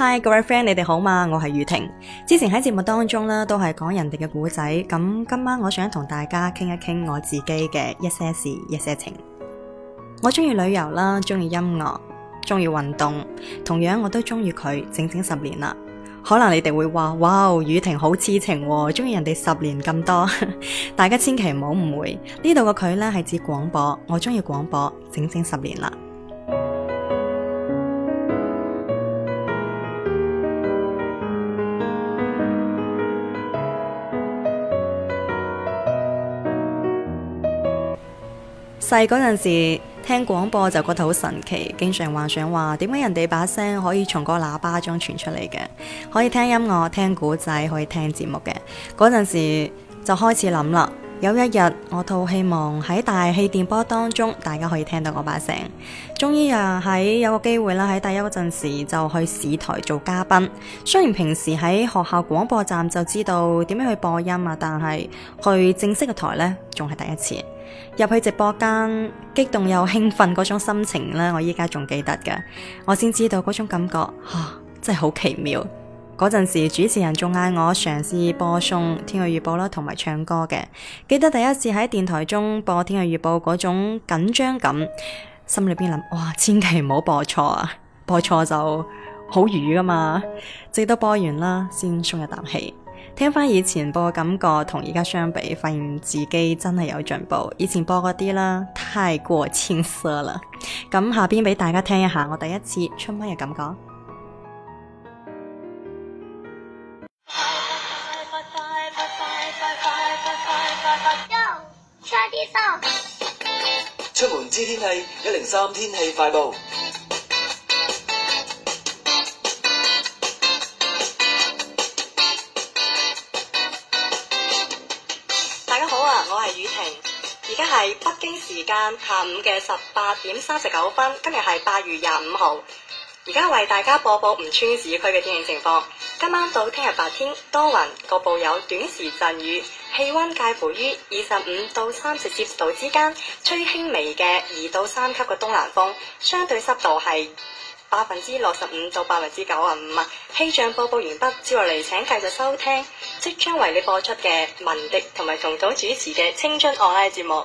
Hi，各位 friend，你哋好嘛？我係雨婷。之前喺節目當中啦，都係講人哋嘅古仔。咁今晚我想同大家傾一傾我自己嘅一些事、一些情。我中意旅遊啦，中意音樂，中意運動。同樣我都中意佢整整十年啦。可能你哋會話：哇，雨婷好痴情，中意人哋十年咁多。大家千祈唔好誤會，呢度嘅佢呢係指廣播，我中意廣播整整十年啦。細嗰陣時聽廣播就覺得好神奇，經常幻想話點解人哋把聲可以從嗰個喇叭中傳出嚟嘅，可以聽音樂、聽古仔、可以聽節目嘅。嗰陣時就開始諗啦。有一日，我好希望喺大氣電波當中，大家可以聽到我把聲。終於啊，喺有個機會啦，喺大一嗰陣時就去市台做嘉賓。雖然平時喺學校廣播站就知道點樣去播音啊，但係去正式嘅台呢，仲係第一次。入去直播間，激動又興奮嗰種心情咧，我依家仲記得噶。我先知道嗰種感覺，吓，真係好奇妙。嗰陣時主持人仲嗌我嘗試播送天氣預報啦，同埋唱歌嘅。記得第一次喺電台中播天氣預報嗰種緊張感，心裏邊諗：哇，千祈唔好播錯啊！播錯就好瘀噶嘛。直到播完啦，先鬆一啖氣。聽翻以前播嘅感覺，同而家相比，發現自己真係有進步。以前播嗰啲啦，太過青澀啦。咁下邊俾大家聽一下我第一次出咪嘅感覺。出啲出門知天氣，一零三天氣快報。下午嘅十八點三十九分，今日係八月廿五號。而家為大家播報吳川市區嘅天氣情況。今晚到聽日白天多雲，局部有短時陣雨，氣溫介乎於二十五到三十攝氏度之間，吹輕微嘅二到三級嘅東南風，相對濕度係百分之六十五到百分之九十五啊。氣象播報完畢，接落嚟請繼續收聽即將為你播出嘅文迪同埋彤彤主持嘅青春愛拉節目。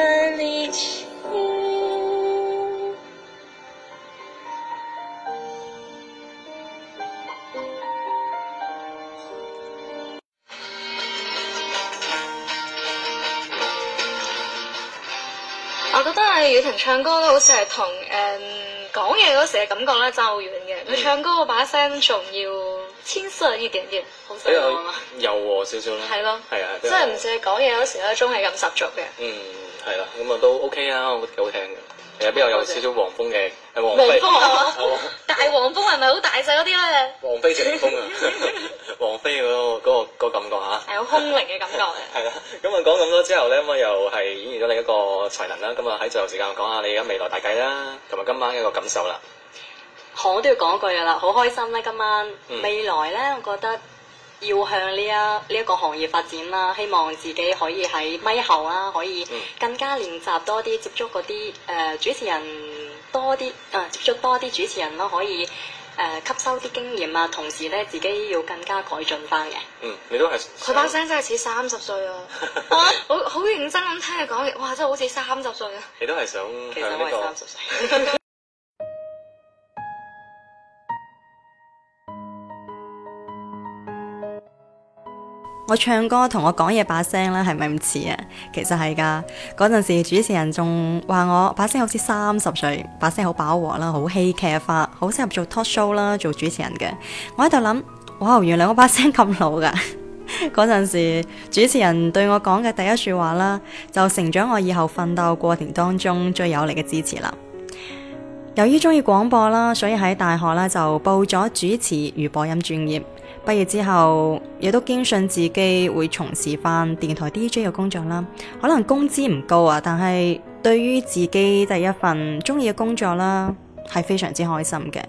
我覺得啊，宇婷唱歌都好似係同誒講嘢嗰時嘅感覺咧爭好遠嘅。佢、嗯、唱歌嗰把聲仲要纖細一點點，好柔和啊，柔和少少咯。係咯。係啊係啊。即係唔似你講嘢嗰時咧，仲係咁十足嘅。嗯。係啦，咁啊都 OK 啊，我覺得幾好聽嘅，其實邊有少少黃蜂嘅，係黃蜂，大黃蜂係咪好大隻嗰啲咧？黃飛鴻啊， 黃飛嗰、那個、那個那個感覺吓、啊，係好空靈嘅感覺係、啊、啦，咁啊講咁多之後咧，咁啊又係演繹咗你一個才能啦。咁啊喺最後時間講下你而家未來大計啦，同埋今晚一個感受啦。我都要講一句噶啦，好開心啦、啊，今晚、嗯、未來咧，我覺得。要向呢一呢一個行業發展啦，希望自己可以喺咪後啦，可以更加練習多啲，接觸嗰啲誒主持人多啲，誒、呃、接觸多啲主持人咯，可以誒、呃、吸收啲經驗啊。同時咧，自己要更加改進翻嘅。嗯，你都係佢把聲真係似三十歲啊！我、 啊、好好認真咁聽佢講嘢，哇，真係好似三十歲啊！你都係想向呢個？其實我係三十歲。 我唱歌同我講嘢把聲咧係咪唔似啊？其實係噶，嗰陣時主持人仲話我把聲好似三十歲，把聲好飽和啦，好戲劇化，好適合做 talk show 啦，做主持人嘅。我喺度諗，哇，原來我把聲咁老噶。嗰 陣時主持人對我講嘅第一句話啦，就成咗我以後奮鬥過程當中最有力嘅支持啦。由於中意廣播啦，所以喺大學啦就報咗主持與播音專業。畢業之後，亦都堅信自己會從事翻電台 DJ 嘅工作啦。可能工資唔高啊，但係對於自己第一份中意嘅工作啦，係非常之開心嘅。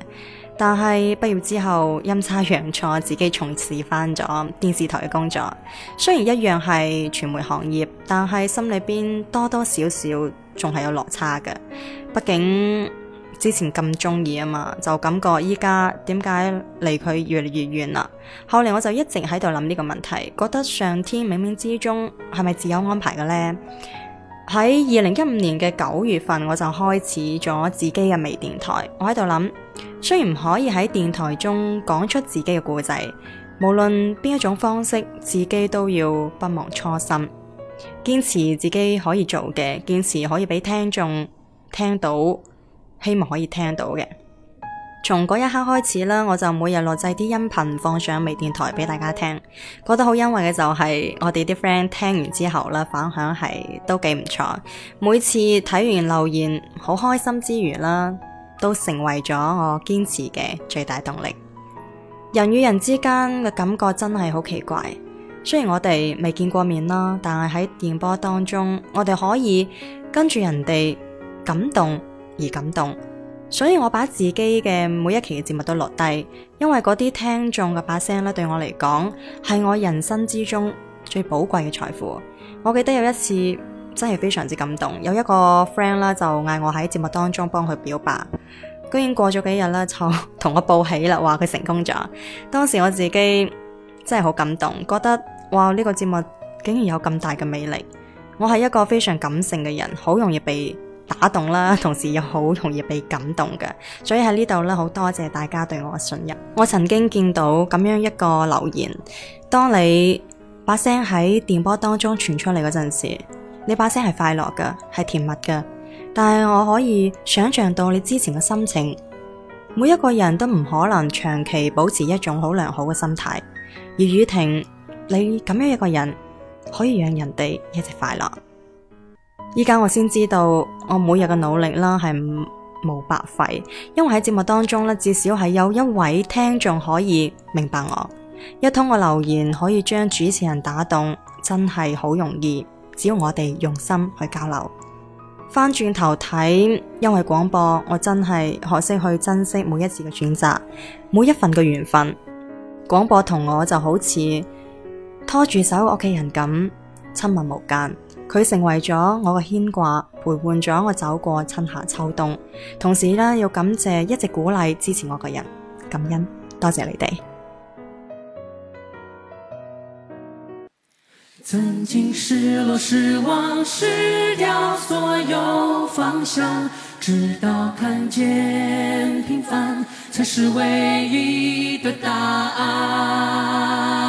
但係畢業之後陰差陽錯，自己從事翻咗電視台嘅工作，雖然一樣係傳媒行業，但係心裏邊多多少少仲係有落差嘅，畢竟。之前咁中意啊嘛，就感覺依家點解離佢越嚟越遠啦？後嚟我就一直喺度諗呢個問題，覺得上天冥冥之中係咪自有安排嘅呢？喺二零一五年嘅九月份，我就開始咗自己嘅微電台，我喺度諗，雖然唔可以喺電台中講出自己嘅故仔，無論邊一種方式，自己都要不忘初心，堅持自己可以做嘅，堅持可以俾聽眾聽到。希望可以聽到嘅，從嗰一刻開始啦，我就每日錄製啲音頻放上微電台俾大家聽。覺得好欣慰嘅就係我哋啲 friend 聽完之後啦，反響係都幾唔錯。每次睇完留言，好開心之餘啦，都成為咗我堅持嘅最大動力。人與人之間嘅感覺真係好奇怪，雖然我哋未見過面啦，但係喺電波當中，我哋可以跟住人哋感動，而感動，所以我把自己嘅每一期嘅節目都落低，因為嗰啲聽眾嘅把聲咧，對我嚟講，係我人生之中最寶貴嘅財富。我記得有一次真係非常之感動，有一個 friend 啦就嗌我喺節目當中幫佢表白，居然過咗幾日咧，就同我報喜啦，話佢成功咗。當時我自己真係好感動，覺得哇，呢個節目竟然有咁大嘅魅力。我係一個非常感性嘅人，好容易被打動啦，同時又好容易被感動嘅，所以喺呢度咧，好多謝大家對我嘅信任。我曾經見到咁樣一個留言：當你把聲喺電波當中傳出嚟嗰陣時，你把聲係快樂嘅，係甜蜜嘅，但係我可以想象到你之前嘅心情。每一個人都唔可能長期保持一種好良好嘅心態，而宇婷，你咁樣一個人，可以讓人哋一直快樂。依家我先知道，我每日嘅努力啦係無白費，因為喺節目當中咧，至少係有一位聽眾可以明白我，一通嘅留言可以將主持人打動，真係好容易。只要我哋用心去交流，翻轉頭睇，因為廣播，我真係學識去珍惜每一次嘅選擇，每一份嘅緣分。廣播同我就好似拖住手嘅屋企人咁，親密無間。佢成為咗我嘅牽掛，陪伴咗我走過春夏秋冬，同時呢，要感謝一直鼓勵支持我嘅人，感恩多謝你哋。曾經失落失望失掉所有方向，直到看見平凡才是唯一的答案。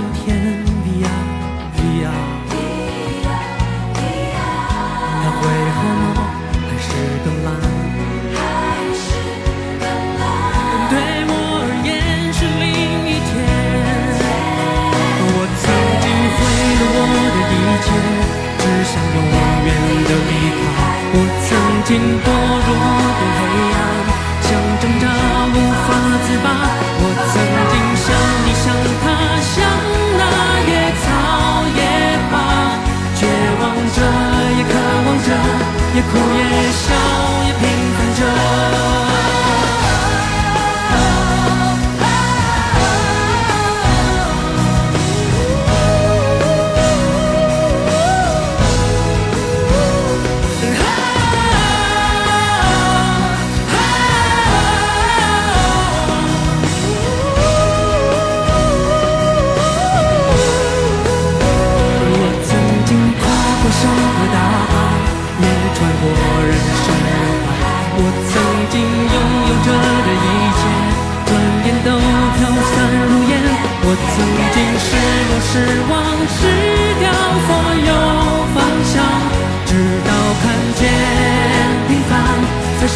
明天。